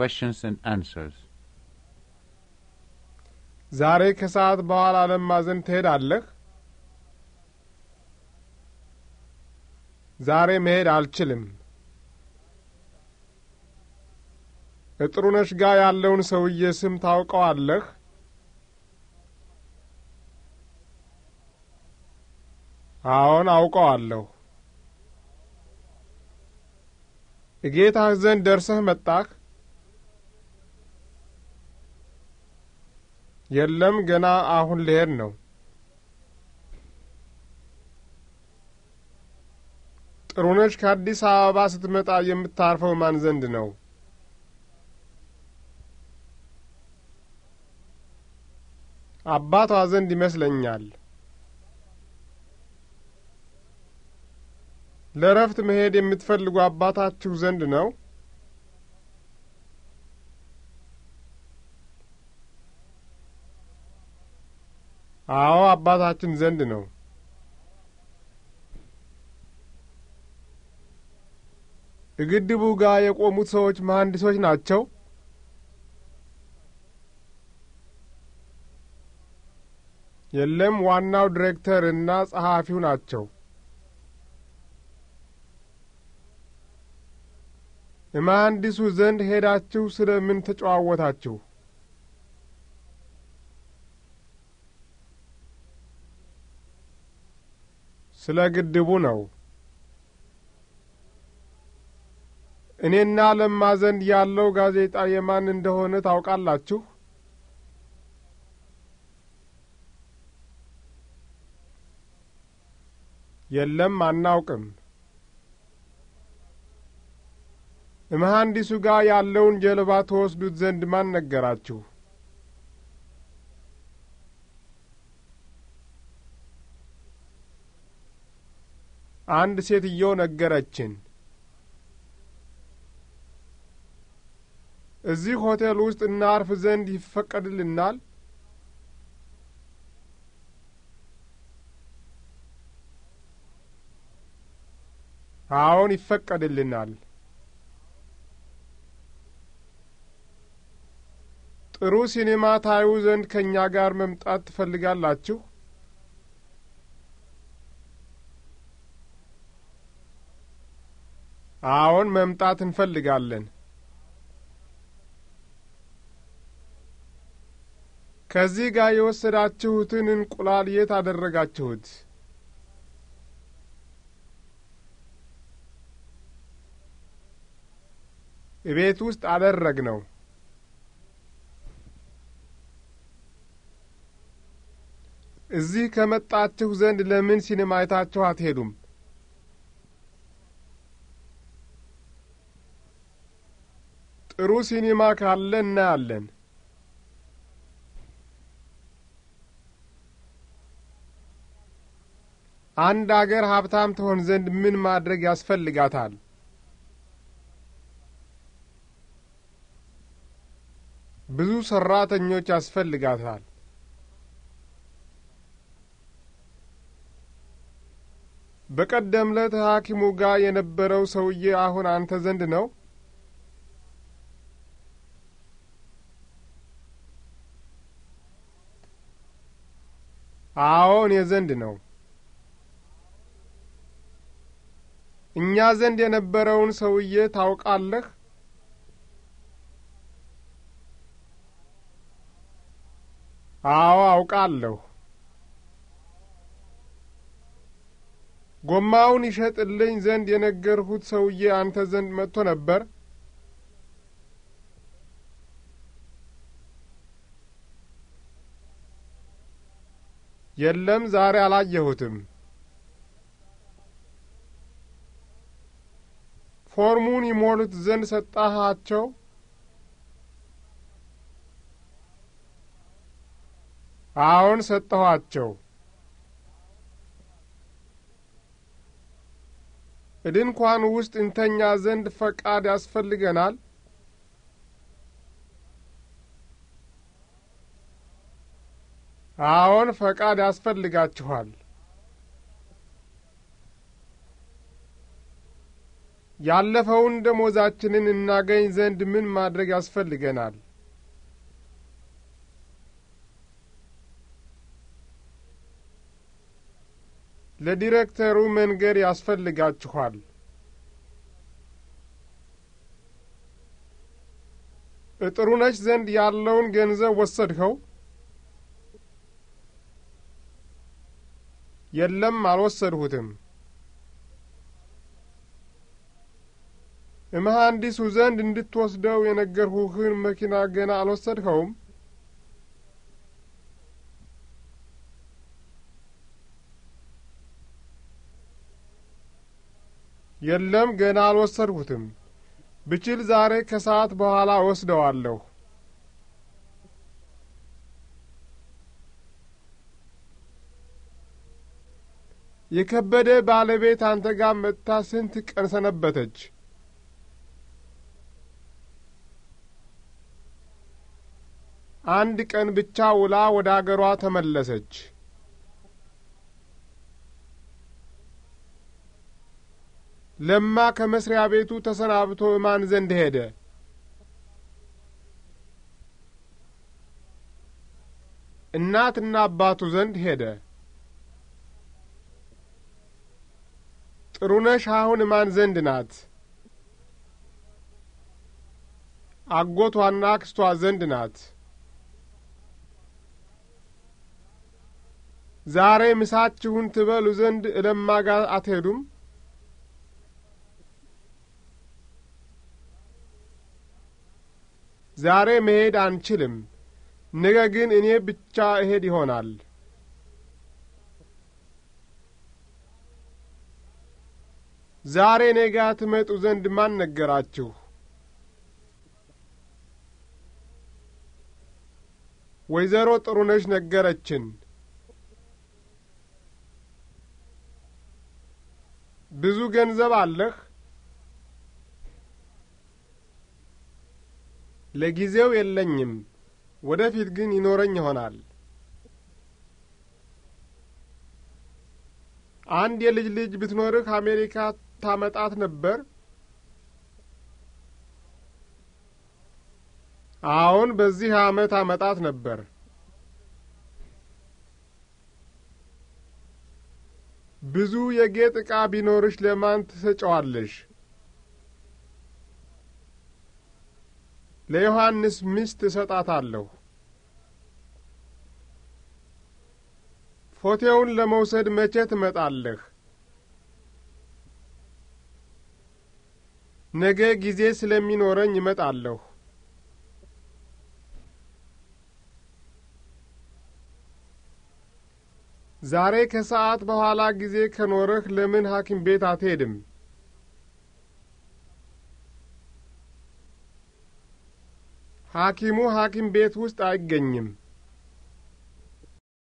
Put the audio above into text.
questions and answers. ዛሬ ከሰዓት በኋላ ለማዘን ትሄዳለህ? ዛሬ መሄድ አልችልም። እጥሩነሽ ጋር ያለውን ሰውዬ ስም ታውቀዋለህ? አዎን አውቀዋለሁ። እጌታህ ዘንድ ደርሰህ መጣህ? የለም ገና አሁን ልሄድ ነው። ጥሩነሽ ከአዲስ አበባ ስትመጣ የምታርፈው ማን ዘንድ ነው? አባቷ ዘንድ ይመስለኛል። ለእረፍት መሄድ የምትፈልጉ አባታችሁ ዘንድ ነው? አዎ አባታችን ዘንድ ነው። እግድቡ ጋር የቆሙት ሰዎች መሐንዲሶች ናቸው? የለም፣ ዋናው ዲሬክተር እና ጸሐፊው ናቸው። የመሐንዲሱ ዘንድ ሄዳችሁ ስለ ምን ተጨዋወታችሁ? ስለ ግድቡ ነው። እኔና ለማ ዘንድ ያለው ጋዜጣ የማን እንደሆነ ታውቃላችሁ? የለም፣ አናውቅም። እመሐንዲሱ ጋር ያለውን ጀልባ ተወስዱት ዘንድ ማን ነገራችሁ? አንድ ሴትዮ ነገረችን። እዚህ ሆቴል ውስጥ እናርፍ ዘንድ ይፈቀድልናል? አዎን፣ ይፈቀድልናል። ጥሩ ሲኔማ ታዩ ዘንድ ከእኛ ጋር መምጣት ትፈልጋላችሁ? አዎን መምጣት እንፈልጋለን። ከዚህ ጋር የወሰዳችሁትን እንቁላል የት አደረጋችሁት? እቤት ውስጥ አደረግ ነው። እዚህ ከመጣችሁ ዘንድ ለምን ሲኒማ አይታችሁ አትሄዱም? ጥሩ ሲኒማ ካለ እናያለን። አንድ አገር ሀብታም ትሆን ዘንድ ምን ማድረግ ያስፈልጋታል? ብዙ ሰራተኞች ያስፈልጋታል። በቀደም ዕለት ሐኪሙ ጋር የነበረው ሰውዬ አሁን አንተ ዘንድ ነው? አዎ እኔ ዘንድ ነው። እኛ ዘንድ የነበረውን ሰውዬ ታውቃለህ? አዎ አውቃለሁ። ጎማውን ይሸጥልኝ ዘንድ የነገርሁት ሰውዬ አንተ ዘንድ መጥቶ ነበር? የለም ዛሬ አላየሁትም። ፎርሙን ይሞሉት ዘንድ ሰጣሃቸው? አዎን ሰጠኋቸው። እድንኳን ውስጥ እንተኛ ዘንድ ፈቃድ ያስፈልገናል? አዎን፣ ፈቃድ ያስፈልጋችኋል። ያለፈውን ደሞዛችንን እናገኝ ዘንድ ምን ማድረግ ያስፈልገናል? ለዲሬክተሩ መንገድ ያስፈልጋችኋል። እጥሩነች ዘንድ ያለውን ገንዘብ ወሰድኸው? የለም አልወሰድሁትም። እመሐንዲሱ ዘንድ እንድትወስደው የነገርሁህን መኪና ገና አልወሰድኸውም? የለም ገና አልወሰድሁትም። ብችል ዛሬ ከሰዓት በኋላ ወስደዋለሁ። የከበደ ባለቤት አንተ ጋር መጥታ ስንት ቀን ሰነበተች? አንድ ቀን ብቻ ውላ ወደ አገሯ ተመለሰች። ለማ ከመስሪያ ቤቱ ተሰናብቶ እማን ዘንድ ሄደ? እናትና አባቱ ዘንድ ሄደ። ጥሩነሽ አሁን ማን ዘንድ ናት? አጎቷና አክስቷ ዘንድ ናት። ዛሬ ምሳችሁን ትበሉ ዘንድ እለማ ጋር አትሄዱም? ዛሬ መሄድ አንችልም። ነገ ግን እኔ ብቻ እሄድ ይሆናል። ዛሬ ነጋ ትመጡ ዘንድ ማን ነገራችሁ? ወይዘሮ ጥሩነሽ ነገረችን። ብዙ ገንዘብ አለህ? ለጊዜው የለኝም፣ ወደፊት ግን ይኖረኝ ይሆናል። አንድ የልጅ ልጅ ብትኖርህ አሜሪካ ታመጣት ነበር? አሁን በዚህ አመት አመጣት ነበር። ብዙ የጌጥ ዕቃ ቢኖርሽ ለማን ትሰጨዋለሽ? ለዮሐንስ ሚስት እሰጣታለሁ። ፎቴውን ለመውሰድ መቼ ትመጣለህ? ነገ ጊዜ ስለሚኖረኝ እመጣለሁ። ዛሬ ከሰዓት በኋላ ጊዜ ከኖረህ ለምን ሐኪም ቤት አትሄድም? ሐኪሙ ሐኪም ቤት ውስጥ አይገኝም።